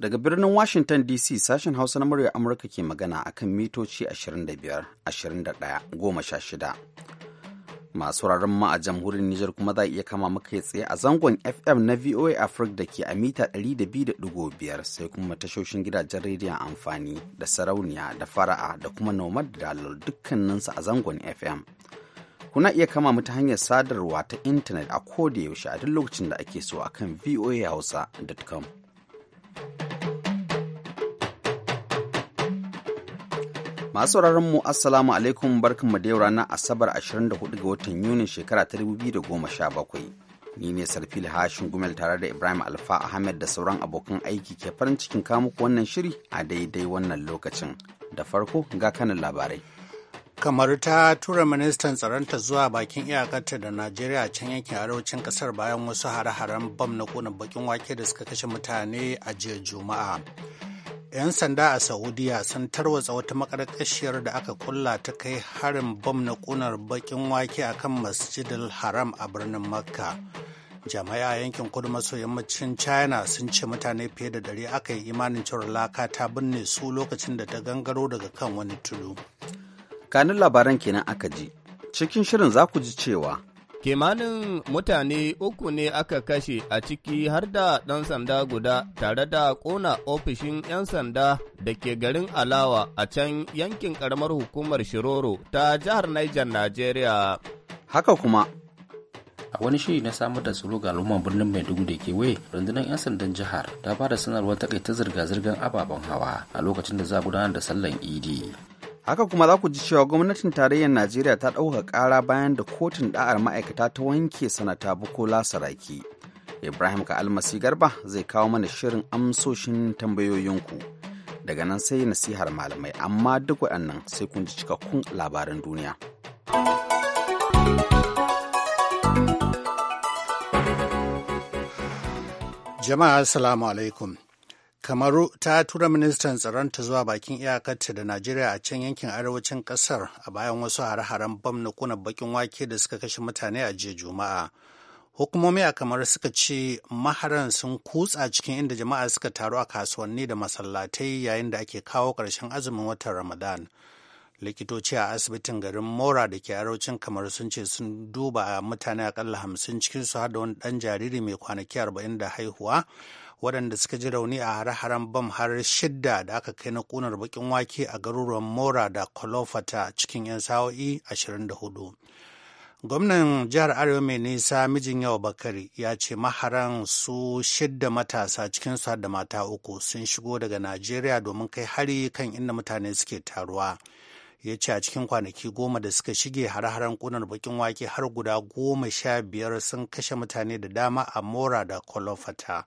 Daga birnin Washington DC sashen Hausa na murya Amurka ke magana akan mitoci 25, 21, 16. Masu rarin ma a jamhuriyar Nijar kuma za a iya kama maka tsaye a zangon FM na VOA Africa da ke a mita 200.5 sai kuma tashoshin gidajen rediyon amfani da sarauniya da fara'a da kuma nomad da dukkaninsu a zangon FM. kuna iya kama mu ta hanyar sadarwa ta intanet a koda yaushe a duk lokacin da ake so akan voahausa.com Masu sauraron mu Assalamu alaikum barkan mu da yau ranar Asabar 24 ga watan yuni shekara ta 2017. Ni ne Sarfil Hashin Gumel tare da Ibrahim Alfa Ahmed da sauran abokan aiki ke farin cikin kamuku wannan shiri a daidai wannan lokacin. Da farko ga kanan labarai. kamar ta tura ministan tsaronta zuwa bakin iyakarta da najeriya can yankin arewacin kasar bayan wasu hare-haren bam na kuna bakin wake da suka kashe mutane a jiya juma'a 'yan sanda a saudiya sun tarwatsa wata makarkashiyar da aka kulla ta kai harin bam na kunar bakin wake a kan masjidil haram a birnin makka jami'a yankin kudu maso yammacin china sun ce mutane fiye da dare aka yi imanin cewar laka ta binne su lokacin da ta gangaro daga kan wani tudu. tsakanin labaran kenan aka ji cikin shirin za ku ji cewa kimanin mutane uku ne aka kashe a ciki har da ɗan sanda guda tare da ƙona ofishin 'yan sanda da ke garin alawa a can yankin ƙaramar hukumar shiroro ta jihar niger nigeria haka kuma a wani shiri na samar da tsaro ga al'umman birnin maiduguri da ke kewaye rundunar 'yan sandan jihar ta ba da sanarwar takaita zirga-zirgar ababen hawa a lokacin da za a gudanar da sallan idi haka kuma za ku ji cewa gwamnatin tarayyar najeriya ta ɗauka ƙara bayan da kotun da'ar ma'aikata ta wanke sanata bukola saraki ibrahim ka almasi garba zai kawo mana shirin amsoshin tambayoyinku daga nan sai nasihar malamai amma duk waɗannan sai kun ji cikakkun labaran duniya jama'a assalamu alaikum Kamaru ta tura ministan tsaronta zuwa bakin iyakarta da Najeriya a can yankin arewacin kasar a bayan wasu hare-haren bam na kuna bakin wake da suka kashe mutane a jiya Juma'a. Hukumomi a kamar suka ce maharan sun kutsa cikin inda jama'a suka taru a kasuwanni da masallatai yayin da ake kawo ƙarshen azumin watan Ramadan. likitoci a asibitin garin mora da ke araucin kamar sun ce sun duba mutane akalla hamsin cikin har da wani dan jariri mai kwanaki arba'in da haihuwa waɗanda suka ji rauni a hare-haren bam har shidda da aka kai na ƙunar bakin wake a garuruwan mora da kolofata cikin 'yan sa'o'i 24 gwamnan jihar arewa mai nisa mijin yawa bakari ya ce maharan su shidda matasa cikin su da mata uku sun shigo daga najeriya domin kai hari kan inda mutane suke taruwa ya ce a cikin kwanaki goma da suka shige har haren kunar bakin wake har guda goma sha biyar sun kashe mutane da dama a mora da kolofata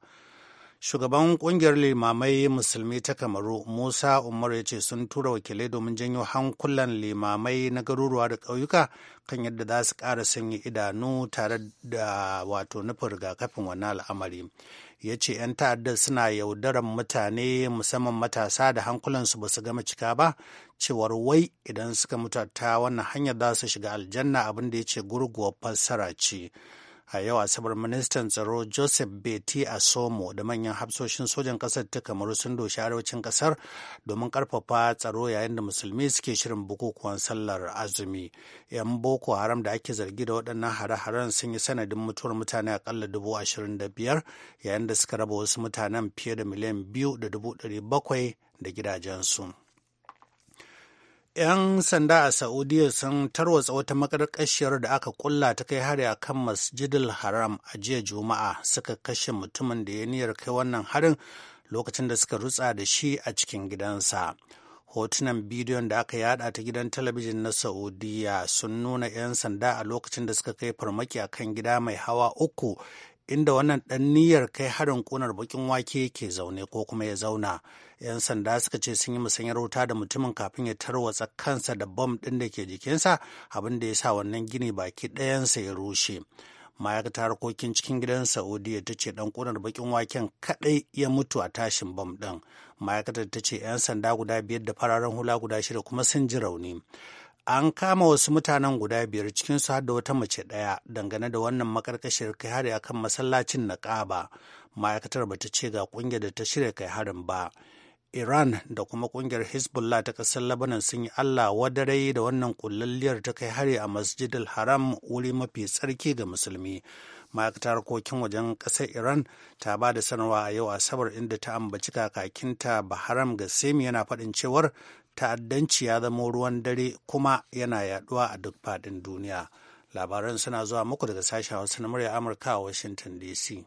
shugaban kungiyar limamai musulmi ta kamaru musa umar ya ce sun tura wakilai domin janyo hankulan limamai na garuruwa da ƙauyuka kan yadda za su ƙara sanya idanu tare da wato nufin rigakafin wannan al'amari ya ce 'yan ta'adda suna yaudarar mutane musamman matasa da hankulansu ba su gama cika ba cewar wai idan suka mutu wannan hanyar za su shiga aljanna abin da ya ce gurguwar fassara ce a yau asabar ministan tsaro joseph beti somo da manyan hafsoshin sojan kasar ta kamaru sun doshi arewacin kasar domin karfafa tsaro yayin da musulmi suke shirin bukukuwan sallar azumi yan boko haram da ake zargi da waɗannan hare-haren sun yi sanadin mutuwar mutane akalla dubu ashirin da biyar yayin da suka raba wasu mutanen fiye da miliyan biyu da dubu ɗari bakwai da gidajensu. 'Yan sanda a Saudiya sun tarwatsa wata makarkashiyar da aka kulla ta kai hari a kan Masjidil Haram a jiya Juma'a suka kashe mutumin da ya niyyar kai wannan harin lokacin da suka rutsa da shi a cikin gidansa. hotunan bidiyon da aka yada ta gidan talabijin na saudiya sun nuna 'yan sanda a lokacin da suka kai farmaki a kan gida mai hawa uku inda wannan ɗan niyyar kai harin ƙunar bakin wake ke zaune ko kuma ya zauna. 'Yan sanda suka ce sun yi musanyar wuta da mutumin kafin ya tarwatsa kansa da bom ɗin da ke jikinsa abin da ya sa wannan gini baki ɗayansa ya rushe. ma'aikatar harkokin cikin gidan saudiya ta ce dan kunar bakin waken kaɗai ya mutu a tashin bom ɗin ma'aikatar ta ce 'yan sanda guda biyar da fararen hula guda shida kuma sun ji rauni an kama wasu mutanen guda biyar cikinsu har da wata mace ɗaya dangane da wannan makarkashiyar kai hari a kan masallacin na ƙaba ma'aikatar ba ta ce ga ƙungiyar da ta shirya kai harin ba iran da kuma ƙungiyar hezbollah ta ƙasar labanan sun yi allah wadarai da wannan ƙullalliyar ta kai hari a masjidul haram wuri mafi tsarki ga musulmi ma'aikatar harkokin wajen ƙasar iran ta ba da sanarwa a yau asabar inda ta ambaci kakakinta ga Semi yana faɗin cewar ta'addanci ya zama ruwan dare kuma yana yaduwa a duk faɗin duniya labaran suna zuwa muku daga sashen hausa na murya amurka a washington dc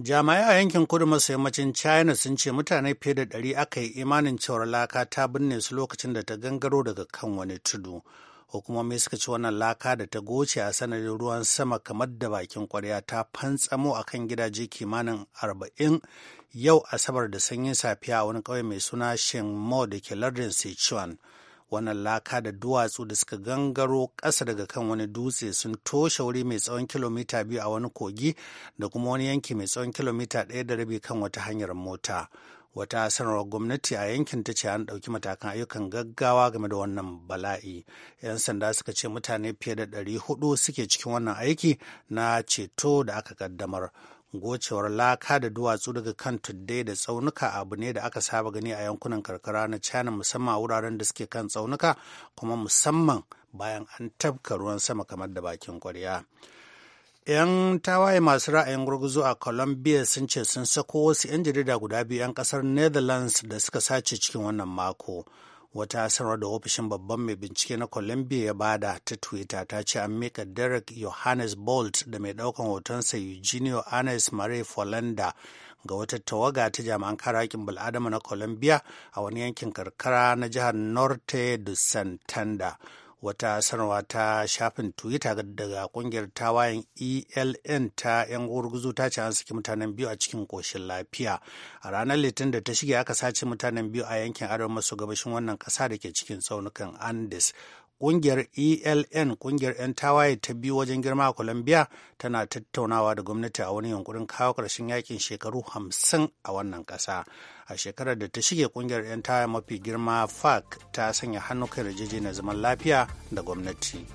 jami'ai a yankin kudu maso yammacin china sun ce mutane fiye da ɗari aka yi imanin cewar laka ta binne su lokacin da ta gangaro daga kan wani tudu hukumomi suka ci wannan laka da ta goce a sanadin ruwan sama kamar da bakin kwarya ta fantsamo a kan gidaje kimanin arba'in yau asabar da sanyin safiya a wani ƙauye mai suna mo da ke lardin sichuan wannan laka da duwatsu da suka gangaro ƙasa daga kan wani dutse sun toshe wuri mai tsawon kilomita biyu a wani kogi da kuma wani yanki mai tsawon kilomita ɗaya da rabi kan wata hanyar mota wata sanarwar gwamnati a yankin ta ce an ɗauki matakan ayyukan gaggawa game da wannan bala'i yan sanda suka ce mutane fiye da ɗari hudu suke cikin wannan aiki na ceto da aka kaddamar gocewar laka da duwatsu daga kan tuddai da tsaunuka abu ne da aka saba gani a yankunan karkara na china musamman a wuraren da suke kan tsaunuka kuma musamman bayan an tafka ruwan sama kamar da bakin kwarya 'yan tawaye masu ra'ayin gurguzu a colombia sun ce sun sako wasu 'yan jarida guda biyu 'yan kasar netherlands da suka sace cikin wannan mako wata sanarwar da ofishin babban mai bincike na colombia ya bada ta twitter ta ce an mika derek johannes bolt da mai daukan hotonsa eugenio anes mare folanda ga wata tawaga ta jami'an kare haƙƙin bil'adama na colombia a wani yankin karkara na jihar norte de santander wata sanarwa ta shafin twitter daga kungiyar tawayen eln ta 'yan gurguzu ta ce an saki mutanen biyu a cikin koshin lafiya a ranar litinin da ta shige aka sace mutanen biyu a yankin arewa maso gabashin wannan kasa da ke cikin tsaunukan andes kungiyar eln kungiyar 'yan tawaye ta biyu wajen girma a colombia tana tattaunawa da gwamnati a wani yunkurin kawo ƙarshen yakin shekaru hamsin a wannan ƙasa a shekarar da ta shige kungiyar 'yan tawaye mafi girma fac ta sanya hannu kan na zaman lafiya da gwamnati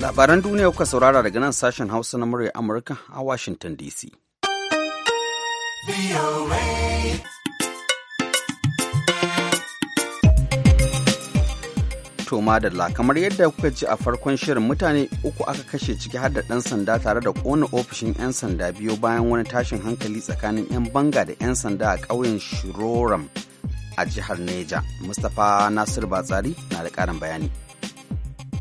labaran duniya kuka saurara daga nan sashen hausa na murya amurka a washington dc To madalla kamar yadda kuka ji a farkon shirin mutane uku aka kashe ciki har da ɗan sanda tare da ƙona ofishin 'yan sanda biyu bayan wani tashin hankali tsakanin 'yan banga da 'yan sanda a ƙauyen Shiroram a jihar Neja. Mustapha Nasir Batsari na da ƙarin bayani.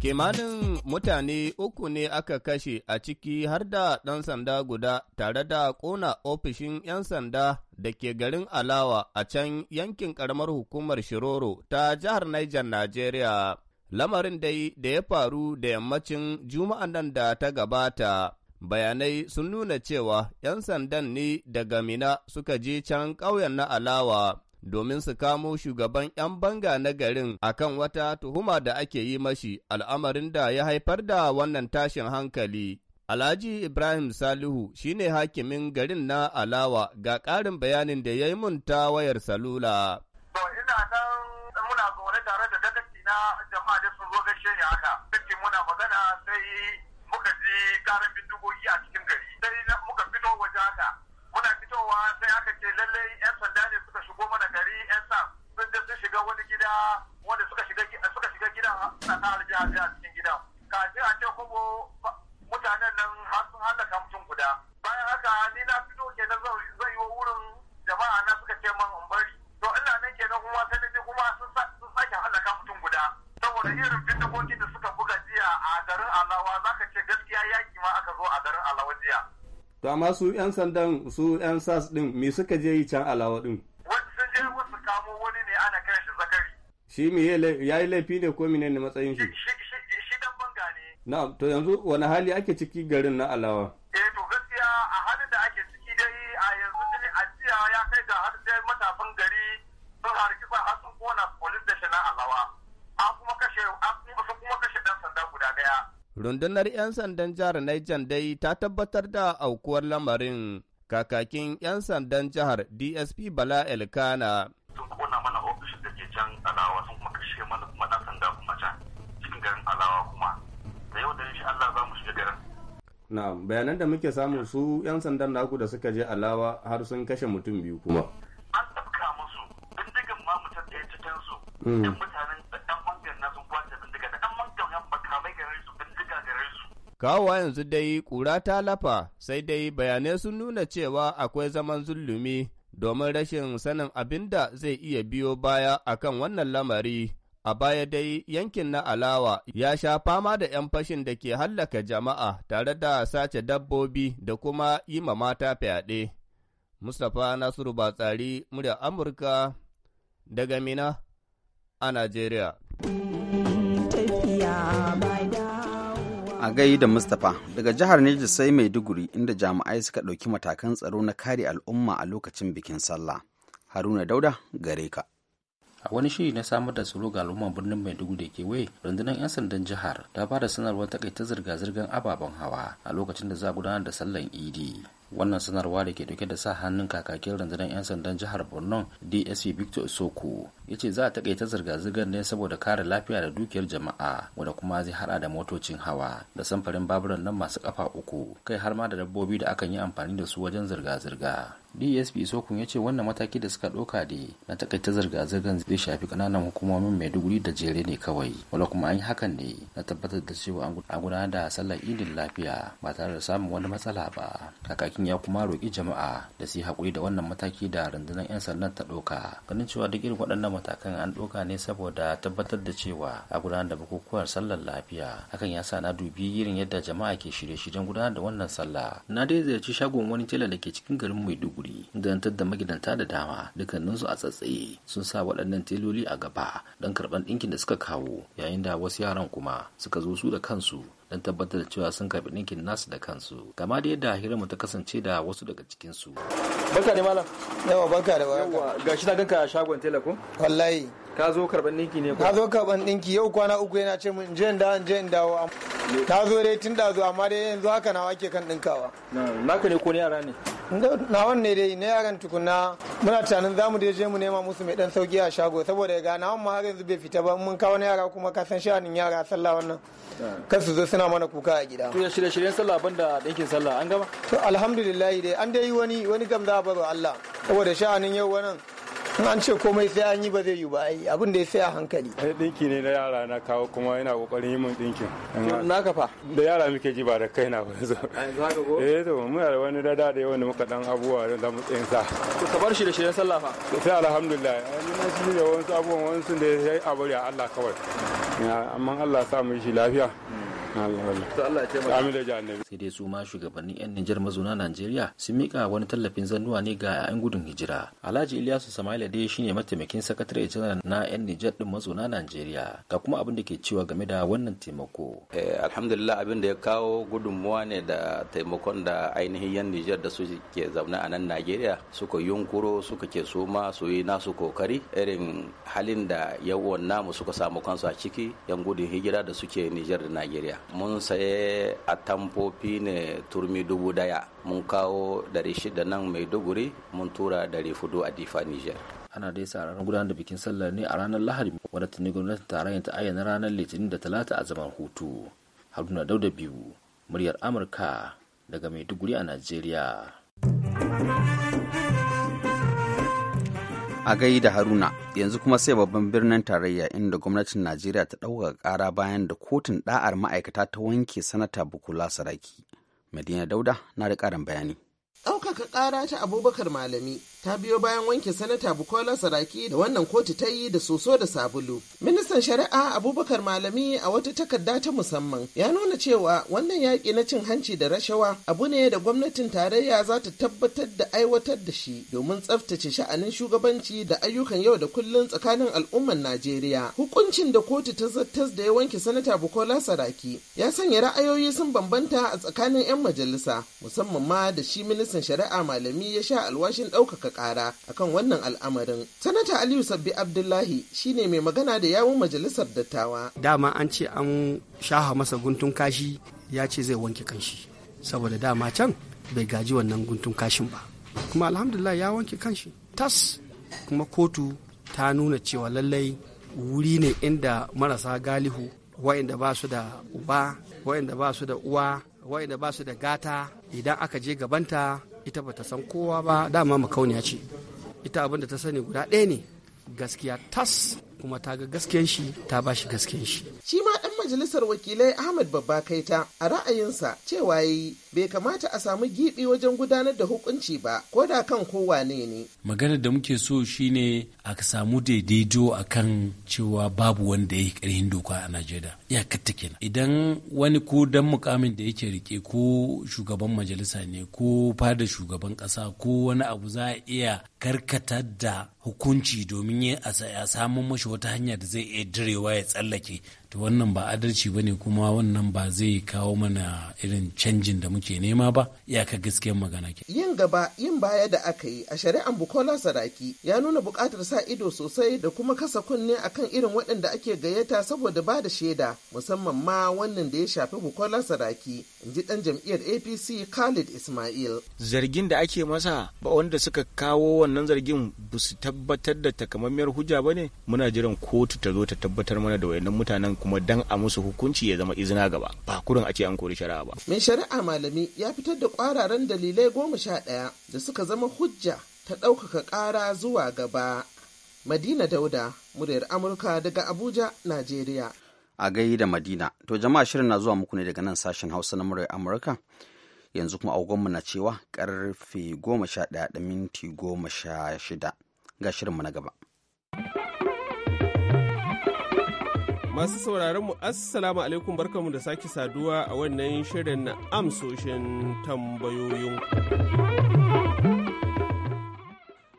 Kimanin mutane uku ne aka kashe a ciki har da ɗan sanda guda tare da ƙona ofishin 'yan sanda da ke garin Alawa a can yankin ƙaramar hukumar Shiroro ta jihar Niger, Najeriya. Lamarin dai da ya faru da yammacin juma'a nan da ta gabata. Bayanai sun nuna cewa 'yan sandan ne daga Mina suka je can ƙauyen na Alawa. domin su kamo shugaban 'yan banga na garin akan wata tuhuma da ake yi mashi al'amarin da ya haifar da wannan tashin hankali. Alhaji Ibrahim Salihu shine hakimin garin na Alawa ga ƙarin bayanin da ya yi mun ta wayar salula. ina nan muna zaune tare da dagaci na jama'a da sun zo gaishe ni haka. Dagaci muna magana sai muka ji karin bindigogi a cikin gari. Sai muka fito waje haka. muna fitowa sai aka ce lallai 'yan sanda ne suka shigo mana gari 'yan sa sun je sun shiga wani gida wanda suka shiga suka shiga gidan suna ta harbi a cikin gida. kafin a ce kuma mutanen nan har sun hallaka mutum guda bayan haka ni na fito kenan zan yi wa wurin jama'a na suka ce man in bari to ina nan ke na kuma sai na je kuma sun sake halaka mutum guda saboda irin bindigogi da suka buga jiya a garin alawa zaka ce to amma su 'yan sandan su 'yan sas din me suka je yi can alawa din sun je wasu kamo wani ne ana kai shi zakari shi me ya yi laifi ne ko menene matsayin shi shi dan banga ne na to yanzu wani hali ake ciki garin na alawa rundunar 'yan sandan jihar Niger dai ta tabbatar da aukuwar lamarin kakakin 'yan sandan jihar DSP Bala Elkana. Sun kona mana ofishin da ke can alawa sun kuma kashe mana kuma ɗan sanda kuma can cikin garin alawa kuma da yau da insha Allah za mu shiga garin. Na'am bayanan da muke samu su 'yan sandan naku da suka je alawa har sun kashe mutum biyu kuma. An ɗauka musu bindigan ma mutum ɗaya cikin su. Hmm. Kawowa yanzu dai ƙura ta lafa sai dai bayanai sun nuna cewa akwai zaman zullumi domin rashin sanin abin da zai iya biyo baya akan wannan lamari. A baya dai yankin na Alawa ya sha fama da 'yan fashin da ke hallaka jama'a tare da sace dabbobi da kuma yi ma mata fyaɗe. Mustapha Nasiru Batsari, murya Amurka daga Mina a Najeriya. a gai da Mustapha daga jihar Neja sai Maiduguri inda jami'ai suka ɗauki matakan tsaro na kare al'umma a lokacin bikin sallah. Haruna Dauda gare ka. a wani shiri na samar da tsaro ga al'umman birnin maiduguri da ke wai rundunar 'yan sandan jihar ta ba da sanarwar takaita zirga-zirgar ababen hawa a lokacin da za a gudanar da sallan idi wannan sanarwa da ke dauke da sa hannun kakakin rundunar 'yan sandan jihar borno dsp victor soko ya ce za a takaita zirga-zirgar ne saboda kare lafiya da dukiyar jama'a wanda kuma zai hada da motocin hawa da samfarin baburan nan masu kafa uku kai har ma da dabbobi da akan yi amfani da su wajen zirga-zirga dsp sokun ya ce wannan mataki da suka ɗauka da na takaita zirga-zirgar zai shafi kananan hukumomin mai duguri da jere ne kawai wala kuma an yi hakan ne na tabbatar da cewa an gudanar da sallar idin lafiya ba tare da samun wani matsala ba kakakin ya kuma roƙi jama'a da su yi haƙuri da wannan mataki da rundunar 'yan sanda ta ɗauka ganin cewa duk irin waɗannan matakan an ɗauka ne saboda tabbatar da cewa a gudanar da bukukuwar sallar lafiya hakan ya sa na dubi irin yadda jama'a ke shirye-shiryen gudanar da wannan sallah na dai ziyarci shagon wani tela da ke cikin garin maiduguri maiduguri da magidanta da dama dukkaninsu a tsatsaye sun sa waɗannan teloli a gaba don karɓar ɗinkin da suka kawo yayin da wasu yaran kuma suka zo su da kansu don tabbatar da cewa sun karɓi ɗinkin nasu da kansu kama da yadda hiramu ta kasance da wasu daga cikinsu. Barka ne malam. Yawa barka da barka. Yawa gashi na ganka shagon telefon. Wallahi ka zo karban dinki ne ka zo karban dinki yau kwana uku yana ce mun je inda je in dawo ta zo dai tun da zo amma dai yanzu haka nawa ke kan dinkawa naka ne ko ne yara ne Na wanne dai na yaran tukuna muna tunanin zamu dai je mu nema musu mai dan sauki a shago saboda ga nawan ma har yanzu bai fita ba mun kawo na yara kuma ka san sha'anin yara sallah wannan kar su zo suna mana kuka a gida to ya shirye shiryen sallah banda dinkin sallah an gama to alhamdulillah dai an dai yi wani wani gamza baro Allah saboda sha'anin yau wannan in an ce komai sai an yi ba zai yi ba ai abin da ya sai a hankali ai dinki ne na yara na kawo kuma yana kokarin yi mun dinkin na kafa da yara muke ji ba da kai na ba yanzu eh to muna da wani dada da yawan da muka dan abubuwa da zamu tsayin sa to ka bar shi da shi shirin sallah fa sai alhamdulillah ni na shi da wasu abubuwan sun da ya abari Allah kawai amma Allah sa mu shi lafiya sai dai su ma shugabannin yan Nijar mazuna Najeriya sun mika wani tallafin zannuwa ne ga 'yan gudun hijira. Alhaji Ilyasu Samaila dai shine mataimakin sakatare janar na yan Nijar din mazuna Najeriya. Ga kuma abin da ke cewa game da wannan taimako. Eh, alhamdulillah abin da ya kawo gudunmuwa ne da taimakon da ainihin yan Nijar da su ke zaune a nan Najeriya suka yunkuro suka ke su ma su yi nasu kokari irin halin da yawon namu suka samu kansu a ciki yan gudun hijira da suke Nijar da Najeriya. mun saye a tamfofi ne turmi dubu daya mun kawo dari shida nan maiduguri mun tura dari fudu a difa niger ana dai sa ranar gudanar da bikin sallar ne a ranar lahadi wadda tuni gwamnatin tarayyar ta ayyana ranar litinin da talata a zaman hutu haruna dauda biyu muryar amurka daga maiduguri a nigeria. a da haruna yanzu kuma sai babban birnin tarayya inda gwamnatin najeriya ta ɗauka ƙara bayan da kotun ɗa'ar ma'aikata ta wanke sanata bukula saraki madina dauda na da ƙarin bayani ɗaukaka ƙara ta abubakar malami ta biyo bayan wanke sanata bukola saraki da wannan kotu ta yi da soso da sabulu ministan shari'a abubakar malami a wata takarda ta musamman ya nuna cewa wannan yaƙi na cin hanci da rashawa abu ne da gwamnatin tarayya za ta tabbatar da aiwatar da shi domin tsaftace sha'anin shugabanci da ayyukan yau da kullum tsakanin al'ummar najeriya hukuncin da kotu ta zattas da ya wanke sanata bukola saraki ya sanya ra'ayoyi sun bambanta a tsakanin 'yan majalisa musamman ma da shi ministan shari'a malami ya sha alwashin ɗaukaka kara akan wannan al'amarin. Sanata Aliyu Sabbi Abdullahi shine mai magana da yawun majalisar dattawa. Dama an ce an shaha masa guntun kashi ya ce zai wanke kanshi saboda dama can bai gaji wannan guntun kashin ba. Kuma alhamdulillah ya wanke kanshi tas kuma kotu ta nuna cewa lallai wuri ne inda marasa galihu wa'inda ba su da uba wa'inda ba su da uwa wa'inda ba su da gata idan aka je gabanta ita ba ta san kowa ba dama makauniya ce ita abin da ta sani guda ɗaya ne gaskiya tas kuma ta ga gaskiyan shi ta ba shi gaskiyan shi shi ma majalisar wakilai ahmed Babba Kaita a ra'ayinsa cewa yi bai kamata a samu gibi wajen gudanar da hukunci ba ko da kan kowa ne ne. Maganar da muke so shine a samu daidaito a kan cewa babu wanda ya yi karhin doka a Najeriya. ya kenan. Idan wani ko dan mukamin da yake rike ko shugaban majalisa ne ko fada shugaban ƙasa ko wani abu za a iya karkatar da hukunci domin ya samu mashi wata hanya da zai iya direwa ya tsallake to wannan ba adalci ba ne kuma wannan ba zai kawo mana irin canjin da muke nema ba ya ka gaskiyar magana ke yin gaba yin baya da aka yi a shari'an bukola saraki ya nuna bukatar sa ido sosai da kuma kasa kunne akan irin waɗanda ake gayyata saboda ba da shaida musamman ma wannan da ya shafi bukola saraki in ji ɗan jam'iyyar apc khalid ismail zargin da ake masa ba wanda suka kawo wannan zargin ba su tabbatar da takamammiyar hujja ba ne muna jiran kotu ta zo ta tabbatar mana da wayannan mutanen kuma dan a musu hukunci ya zama izina gaba ba kurin a ce an kori shari'a ba. Mai shari'a malami ya fitar da kwararan dalilai goma sha ɗaya da suka zama hujja ta ɗaukaka ƙara zuwa gaba. Madina Dauda, muryar Amurka daga Abuja, Najeriya. A gai da Madina, to jama'a shirin na zuwa muku ne daga nan sashen Hausa na muryar Amurka. Yanzu kuma agonmu na cewa karfe goma sha ɗaya da minti goma sha shida ga shirinmu na gaba. Masu sauraron mu Assalamu alaikum barkamu da sake saduwa a wannan shirin na amsoshin tambayoyin.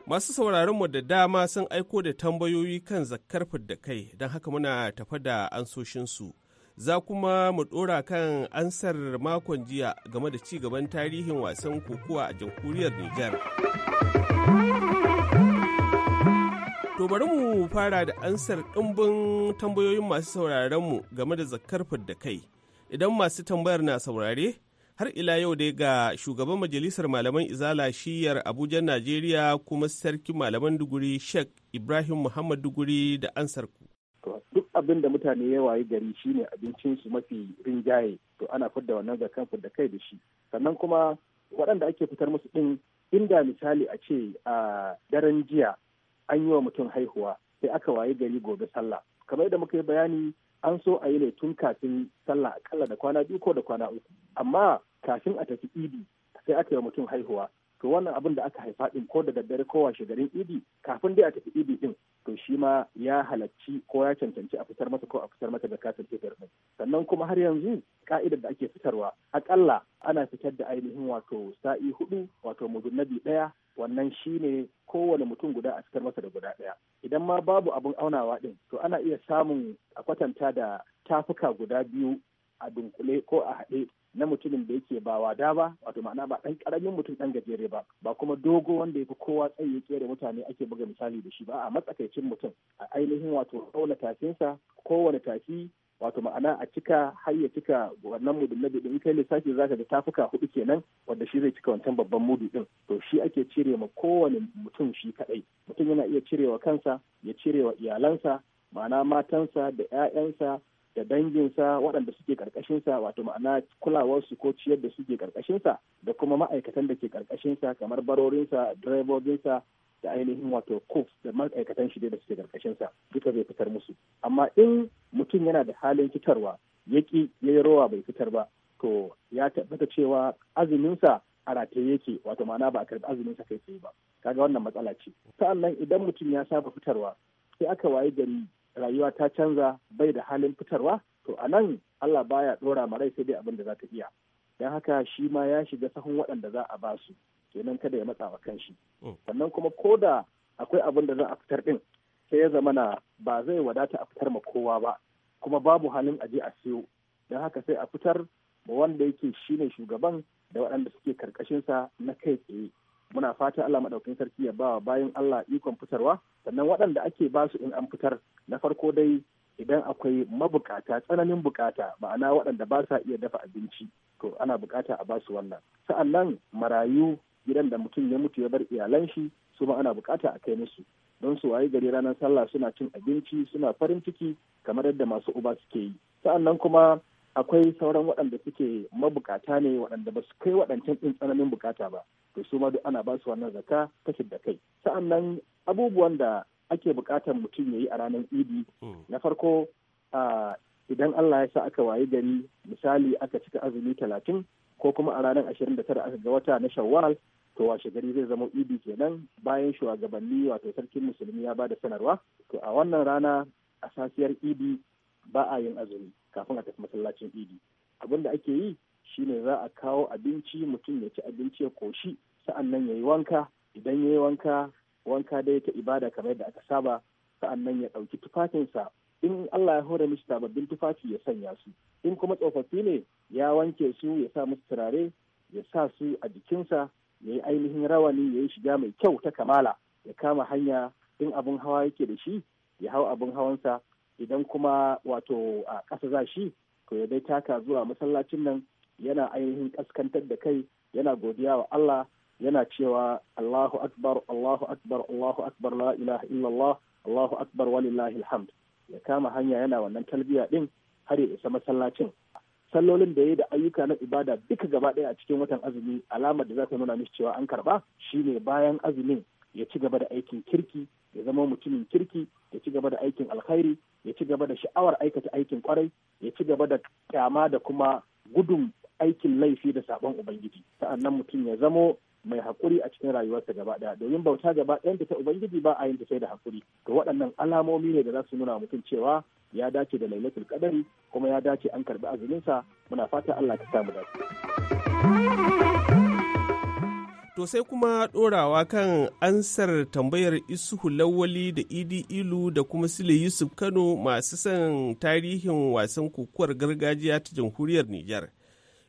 Masu sauraron mu da dama sun aiko da tambayoyi kan zakkar da kai don haka muna tafa da ansoshinsu. Za kuma mu ɗora kan ansar makon jiya game da ci gaban tarihin wasan kokowa a jamhuriyar Nijar. To bari mu fara da ansar ɗimbin tambayoyin masu sauraronmu game da zakar da kai. Idan masu tambayar na saurare, har ila yau dai ga shugaban majalisar malaman izala shiyar Abuja Najeriya kuma sarki malaman duguri Sheikh Ibrahim Muhammad duguri da ansar ku. Duk abin da mutane ya wayi gari shine abincinsu mafi rinjaye, to ana fidda wannan zakar da kai da shi. Sannan kuma waɗanda ake fitar musu ɗin inda misali a ce a daren jiya an yi wa mutum haihuwa sai aka wayi gari gobe sallah kamar yadda muka yi bayani an so a yi ne tun kafin sallah akalla da kwana biyu ko da kwana uku amma kafin a tafi idi sai aka yi mutum haihuwa to wannan abin da aka haifa din ko da daddare ko washe garin idi kafin dai a tafi idi din to shi ma ya halarci ko ya cancanci a fitar masa ko a fitar masa da katin tefer din sannan kuma har yanzu ka'idar da ake fitarwa akalla ana fitar da ainihin wato sa'i hudu wato mudunnabi ɗaya. wannan shi ne kowane mutum guda a cikin masa da guda ɗaya idan ma babu abin aunawa ɗin to ana iya samun a kwatanta da tafuka guda biyu a dunkule ko a haɗe na mutumin da yake ba wada ba wato ma'ana ba ɗan ƙaramin mutum ɗan gajere ba ba kuma dogo wanda ya fi kowa tsayi ya kere mutane ake buga misali da shi ba a matsakaicin mutum a ainihin wato ɗaula tafinsa kowane tafi wato ma'ana a cika har ya cika wannan mudun na in kai lissafi za ka da tafuka hudu kenan wanda shi zai cika wancan babban mudu din to shi ake cire ma kowane mutum shi kadai mutum yana iya cirewa kansa ya cirewa iyalansa ma'ana matansa da 'ya'yansa da danginsa waɗanda suke ƙarƙashinsa wato ma'ana kulawarsu ko ciyar da suke ƙarƙashinsa da kuma ma'aikatan da ke ƙarƙashinsa kamar barorinsa direbobinsa da ainihin wato kuf da ma'aikatan shi da suke karkashinsa duka zai fitar musu amma in mutum yana da halin fitarwa ya ki ya yi rawa bai fitar ba to ya tabbata cewa azuminsa a rataye yake wato ma'ana ba a azumin azuminsa kai tsaye ba kaga wannan matsala ce sa'annan idan mutum ya saba fitarwa sai aka waye gari rayuwa ta canza bai da halin fitarwa to a nan Allah baya ɗora ma rai sai dai abin da za ta iya don haka shi ma ya shiga sahun waɗanda za a ba su kenan kada ya matsa wa kanshi oh. sannan kuma ko da akwai abin da za a fitar din sai ya zama na ba zai wadata a fitar ma kowa ba kuma babu halin aje a siyo don haka sai a fitar ma wanda yake shine shugaban da waɗanda suke karkashin sa na kai tsaye muna fata Allah maɗaukin sarki ya ba bayan Allah ikon fitarwa sannan waɗanda ake ba su in an fitar na farko dai idan akwai mabukata tsananin bukata ma'ana waɗanda ba sa iya dafa abinci to ana bukata a ba su wannan sa'annan marayu gidan da mutum ya mutu ya bar iyalan shi su ma ana bukata a kai musu don su waye gari ranar sallah suna cin abinci suna farin ciki kamar yadda masu uba suke yi sa'annan kuma akwai sauran waɗanda suke mabukata ne waɗanda ba su kai waɗancan ɗin tsananin bukata ba to su ma duk ana ba su wannan zaka ta da kai sa'annan abubuwan da ake bukatar mutum ya yi a ranar idi hmm. na farko idan allah ya sa aka waye gari misali aka cika azumi talatin ko kuma a ranar ashirin da tara aka ga wata na shawwal to washe gari zai zama idi kenan bayan shugabanni wato sarkin musulmi ya bada sanarwa to a wannan rana a safiyar idi ba a yin azumi kafin a tafi masallacin idi abin da ake yi shine za a kawo abinci mutum ya ci abinci ya koshi sa'an nan ya yi wanka idan ya yi wanka wanka dai ta ibada kamar yadda aka saba sa'annan ya ɗauki tufafinsa in Allah ya hore mishi sababbin tufafi ya sanya su in kuma tsofaffi ne ya wanke su ya sa musu turare ya sa su a jikinsa ya yi ainihin rawani ya yi shiga mai kyau ta kamala ya kama hanya in abin hawa yake da shi ya hau abin hawansa idan kuma wato a ƙasa za shi to ya dai taka zuwa masallacin nan yana ainihin ƙaskantar da kai yana godiya wa Allah yana cewa Allahu akbar Allahu akbar Allahu akbar la ilaha illallah Allahu akbar walillahi alhamd ya kama hanya yana wannan talbiya din har ya isa masallacin sallolin da ya da ayyuka na ibada duka gaba ɗaya a cikin watan azumi alamar da za ta nuna mishi cewa an karba ne bayan azumin ya ci gaba da aikin kirki ya zama mutumin kirki ya ci gaba da aikin alkhairi ya ci gaba da sha'awar aikata aikin kwarai ya ci gaba da kyama da kuma gudun aikin laifi da sabon ubangiji sa'annan mutum ya zamo mai haƙuri a cikin rayuwarsa gaba ɗaya domin bauta gaba ɗayanta ta ubangiji ba a yin ta sai da hakuri to waɗannan alamomi ne da za su nuna mutum cewa ya dace da lailatul kadari kuma ya dace an karbi azumin sa muna fata Allah ta samu dace To sai kuma dorawa kan ansar tambayar Isuhu Lawali da Idi Ilu da kuma Sile Yusuf Kano masu son tarihin wasan kokuwar gargajiya ta jamhuriyar Nijar.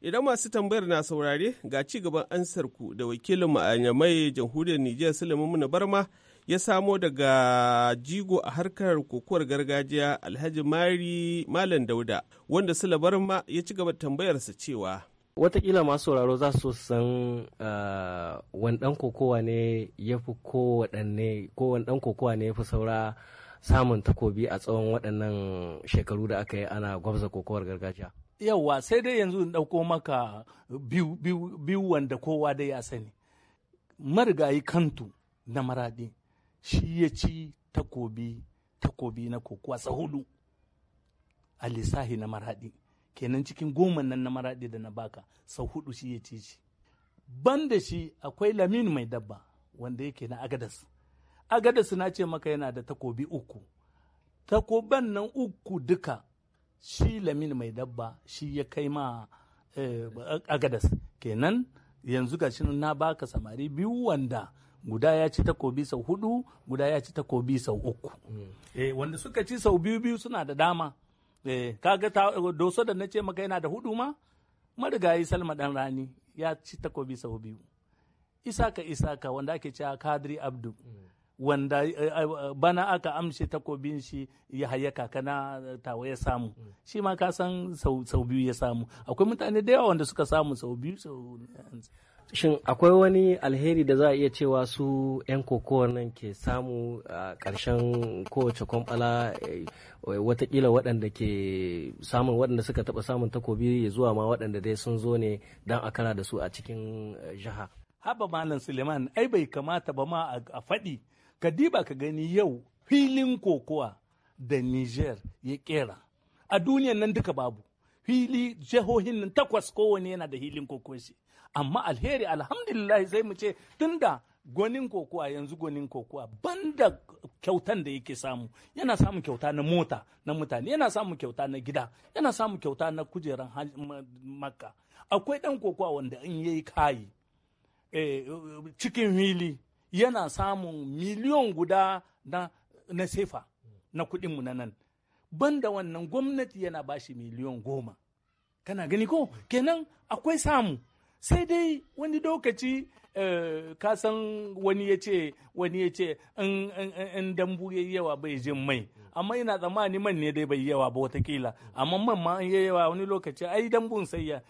Idan masu tambayar na saurare ga ci gaban ansarku da wakilin ma'anyamai jamhuriyar Nijar na Barma ya samo daga jigo a harkar kokowar gargajiya alhaji mari malam dauda wanda sulabar ma ya ci gaba tambayarsa cewa watakila masu sauraro za su san ah, wani kowa kokowa ne ya fi kowaɗanne dan kokowa ne ya saura samun takobi a tsawon waɗannan shekaru da aka yi ana gwabza kokowar gargajiya yawwa sai dai yanzu in ɗauko maka biyu wanda kowa dai ya sani marigayi kantu na maraɗi shi ya ci takobi takobi na kokowa sahudu a lissahi na maraɗi. kenan cikin goma nan na maraɗi da na baka sau hudu shi ya ci shi ban da shi akwai lamin mai dabba wanda yake na agadas agadas na ce maka yana da takobi uku takoban nan uku duka shi lamin mai dabba shi ya kai ma eh, agadas kenan yanzu ga na baka samari biyu wanda guda ya ci takobi sau hudu guda ya ci takobi sau uku mm. eh wanda suka ci sau biyu biyu suna da dama eh kaga ta doso da na ce maka yana da hudu ma marigayi Salma dan rani ya ci takobi sau biyu isaka isaka wanda ake cewa kadri abdu mm. wanda eh, eh, eh, bana aka amshe takobin shi ya hayyaka kana tawa ya samu mm. shi ma ka san sau biyu ya samu akwai mutane da yawa wanda suka samu sau biyu sau Shin akwai wani alheri da za a iya cewa su 'yan kokowar nan ke samu a ƙarshen kowace kwamfala eh, watakila waɗanda ke samun waɗanda suka taɓa samun takobi ya zuwa ma waɗanda dai sun zo ne don a kara da su a cikin eh, jiha. Haba Malam Suleiman ai bai kamata ba ma a faɗi. ka diba ka gani yau filin kokowa da Niger ya kera. A duniyan nan duka babu. Fili jihohin nan takwas kowane yana da hilin shi. amma alheri alhamdulillah sai mu ce tunda gonin kokowa yanzu gonin kokowa banda kyautan da yake samu yana samun kyauta na mota na mutane yana samun kyauta na gida yana samun kyauta na kujeran makka akwai dan kokowa wanda in yayi kayi eh, cikin wili yana samun miliyon guda na, na sefa na kudin na nan banda wannan gwamnati yana bashi miliyon goma kana gani ko kenan akwai samu sai dai wani lokaci eh, ka san wani ya ce wani ya ce in dambu ya yawa bai jin mai amma ina tsammani man ne dai bai yawa ba watakila amma man ma an yawa wani lokaci ai dambun sai eh,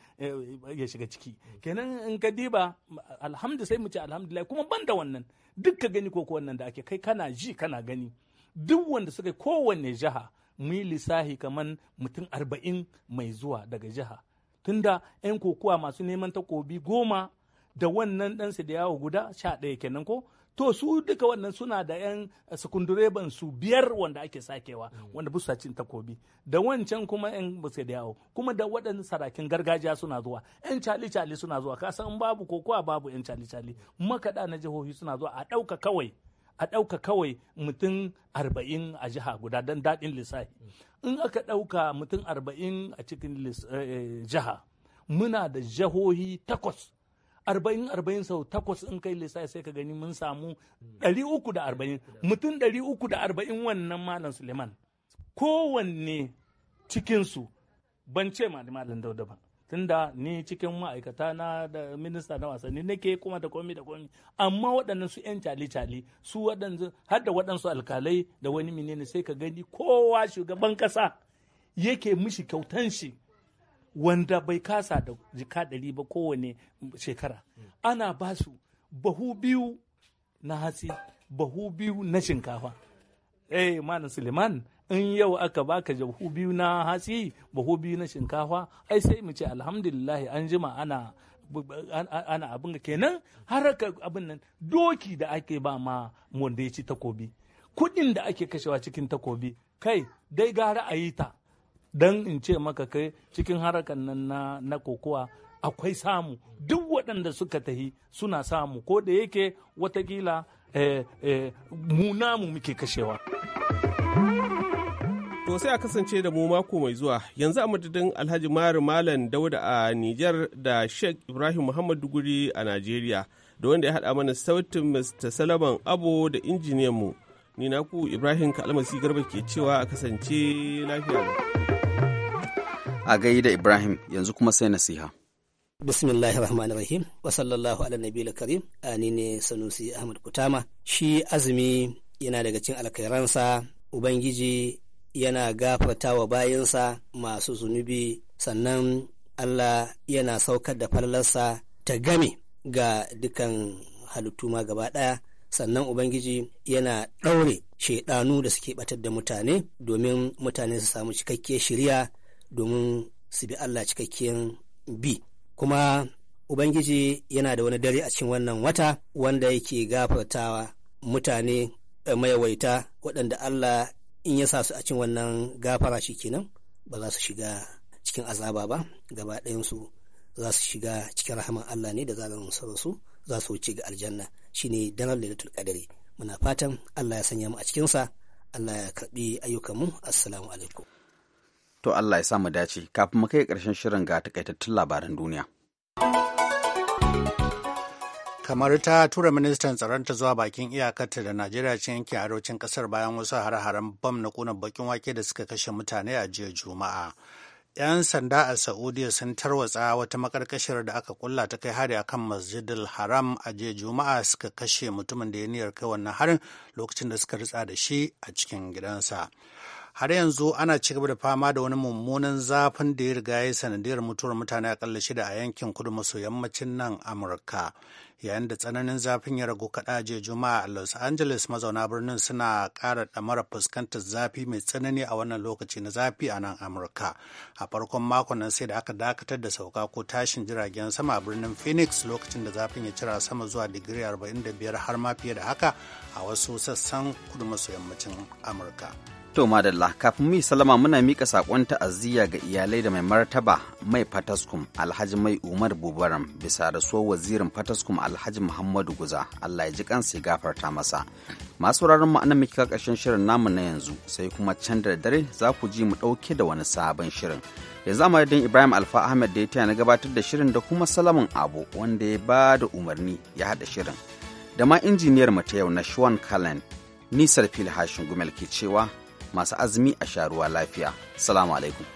ya shiga ciki kenan in ka diba alhamdu sai mu ce alhamdulillah kuma ban da wannan duk ka gani koko wannan da ake kai kana ji kana gani duk wanda suka kowanne jiha mu yi lissahi kamar mutum arba'in mai zuwa daga jiha tunda 'yan kokowa masu neman takobi goma da wannan ɗansa da yawo guda sha ɗaya kenan ko to su duka wannan suna da 'yan sakundureban su biyar wanda ake sakewa mm. wanda busa cin takobi da wancan kuma 'yan busa da yawo kuma da waɗannan sarakin gargajiya suna zuwa 'yan cali cali suna zuwa kasan babu kokowa babu 'yan cali cali makaɗa na jihohi suna zuwa a ɗauka kawai a ɗauka kawai mutum arba'in a jiha guda don daɗin lissafi in aka ɗauka mutum arba'in a cikin eh, eh, jiha muna da jihohi takwas arba'in arba'in sau takwas in kai lissafi sai ka gani mun samu ɗari uku da arba'in mutum ɗari uku da arba'in wannan malam suleiman kowanne cikinsu ban ce malam dauda ban. tunda ni cikin ma'aikata na da minista na wasanni nake kuma da komi da komi amma waɗannan su 'yan cali-cali su waɗansu har da waɗansu alkalai da wani menene sai ka gani kowa shugaban ƙasa yake mishi kyautan shi wanda bai kasa da jika ɗari ba kowane shekara ana ba su bahu biyu na hatsi bahu biyu na shinkafa eh suleiman in yau aka baka jahu biyu na hatsi buhu biyu na shinkafa ai sai mu ce alhamdulillah an jima ana ana abin kenan haraka abin nan doki da ake ba ma wanda ya ci takobi kudin da ake kashewa cikin takobi kai dai gara a yi ta don in ce maka kai cikin harakan nan na, na kokowa akwai samu duk waɗanda suka tahi suna samu ko da yake watakila eh, eh, mu namu muke kashewa. To sai a kasance da mu mako mai zuwa yanzu a madadin Alhaji Mari Malam Dauda a Nijar da Sheikh Ibrahim Muhammad Duguri a Najeriya da wanda ya haɗa mana sautin Mr. Salaman Abo da injiniyan mu. na ku Ibrahim Kalmasi Garba ke cewa a kasance lafiya. A da Ibrahim yanzu kuma sai nasiha. bismillahi rahmani rahim wa sallallahu ala nabiyil karim ani ne sanusi ahmad kutama shi azumi yana daga cin alkhairansa ubangiji yana gafata wa bayansa masu zunubi sannan Allah yana saukar da falalarsa ta game ga dukan halittu ma gaba ɗaya sannan Ubangiji yana ɗaure shaiɗanu da suke batar da mutane domin mutane su samu cikakkiyar shirya domin su bi Allah cikakkiyar bi kuma Ubangiji yana da wani dare a cikin wannan wata wanda yake gafartawa mutane eh, mayawaita waɗanda Allah in ya sa su a cin wannan gafara shi kenan ba za su shiga cikin azaba ba gaba ɗayansu za su shiga cikin rahaman Allah ne da zaran su za su wuce ga aljanna shine daren lailatul qadari muna fatan Allah ya sanya mu a cikin sa Allah ya karbi ayyukanmu assalamu alaikum to Allah ya sa mu dace kafin mu kai ƙarshen shirin ga takaitattun labaran duniya kamar ta tura ministan tsaron ta zuwa bakin iyakarta da najeriya cikin yankin arewacin kasar bayan wasu hare-haren bam na kuna bakin wake da suka kashe mutane a jiya juma'a 'yan sanda a saudiya sun tarwatsa wata makarkashiyar da aka kulla ta kai hari akan masjidil haram a jiya juma'a suka kashe mutumin da ya niyar kai wannan harin lokacin da suka ritsa da shi a cikin gidansa har yanzu ana ci gaba da fama da wani mummunan zafin da ya riga ya sanadiyar mutuwar mutane akalla shida a yankin kudu maso yammacin nan amurka yayin da tsananin zafin ya ragu kaɗa jiya juma'a a los angeles mazauna birnin suna ƙara ɗamara fuskantar zafi mai tsanani a wannan lokaci na zafi a nan amurka a farkon makon nan sai da aka dakatar da sauka ko tashin jiragen sama a birnin phoenix lokacin da zafin ya cira sama zuwa digiri 45 har ma fiye da haka a wasu sassan kudu maso yammacin amurka. To madalla kafin mu yi salama muna mika sakon ta'aziyya ga iyalai da mai martaba mai fataskum Alhaji Mai Umar Bubaram bisa da so wazirin fataskum Alhaji Muhammadu Guza Allah ya ji kansa ya gafarta masa. Masu wuraren mu anan mika kakashin shirin namu na yanzu sai kuma can da dare za ku ji mu ɗauke da wani sabon shirin. ya zama madadin Ibrahim Alfa Ahmed da ya taya na gabatar da shirin da kuma Salamin Abu wanda ya ba da umarni ya haɗa shirin. Da ma injiniyar mu ta yau na shawn kalen Nisar Fil Hashin Gumel ke cewa masu azumi a sharuwa lafiya. Salamu alaikum.